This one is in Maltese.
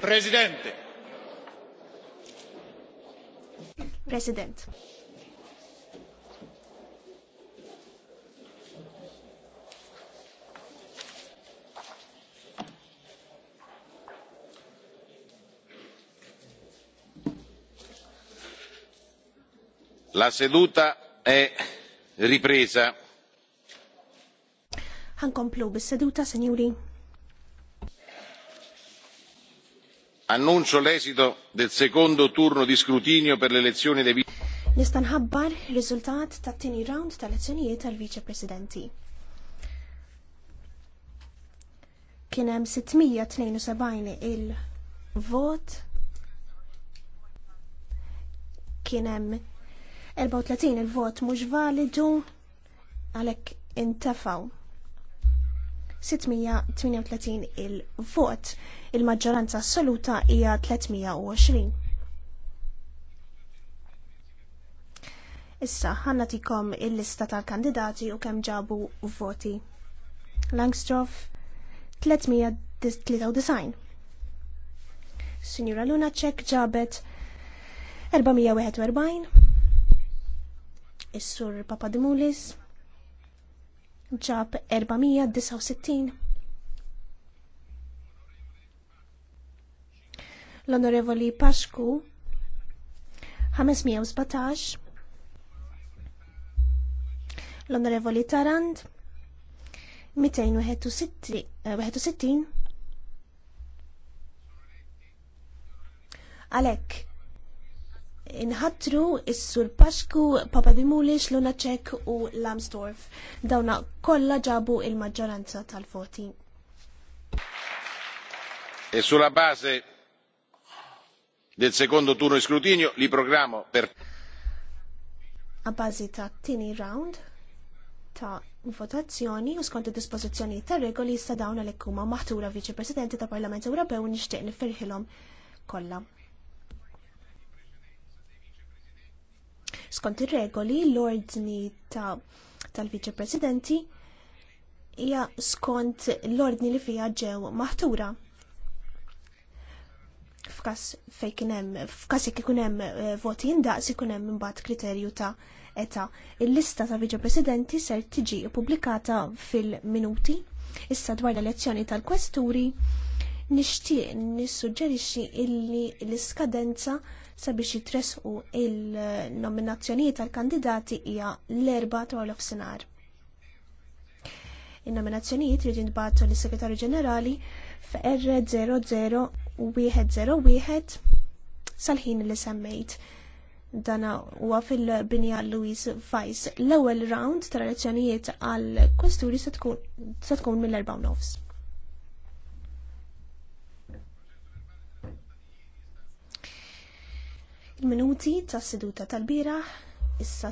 President. La seduta è ripresa. bis-seduta, Senjuri. annuncio l'esito del secondo turno di scrutinio per l'elezione dei Nista nħabbar riżultat tat-tieni round tal-elezzjonijiet tal-Viċe Presidenti. Kien hemm 672 il-vot kien hemm 34 il-vot mhux validu għalhekk intefgħu. 638 il-vot. Il-maġġoranza assoluta hija 320. Issa, ħanna tikom il-lista tal-kandidati u kemm ġabu voti. Langstroff, 393. Signora Luna ġabet 441. Is-sur Papadimulis, ġab 469. L-Onorevoli Paxku 517. L-Onorevoli Tarand 261. Eh, Għalek, inħatru is-sur Pasku, Papa Bimulix, Luna Ċek u Lamstorf. Dawna kollha ġabu il-maġġoranza tal-voti. E sulla base del secondo turno di scrutinio li programmo per A bażi ta' tini round ta' votazzjoni u skont id-dispożizzjoni tar regoli sta' dawn għalhekk huma maħtura viċi-presidenti tal Parlament Ewropew nixtieq nifferħilhom kollha. Skont ir-regoli l-ordni ta' tal-Viċe Presidenti hija skont l-ordni li fiha ġew maħtura. F'każ fejn kien hemm f'każ jekk ikun hemm eh, voti indaqs ikun hemm imbagħad kriterju ta' eta. Il-lista ta' Viċe Presidenti ser tiġi ppubblikata fil-minuti. Issa dwar l-elezzjoni tal-kwesturi nixtieq nissuġġerixxi illi l-iskadenza sabiex jitresqu il-nominazzjonijiet tal-kandidati hija l 4 ta' l in Il-nominazzjonijiet jridu jintbagħtu lis segretarju Ġenerali f'r 00101 sal-ħin li semmejt. Dan huwa fil-binja Louis Vice, L-ewwel round tal-elezzjonijiet għall kwesturi se tkun mill-erba' nofs. minuti tas seduta tal-biraħ issa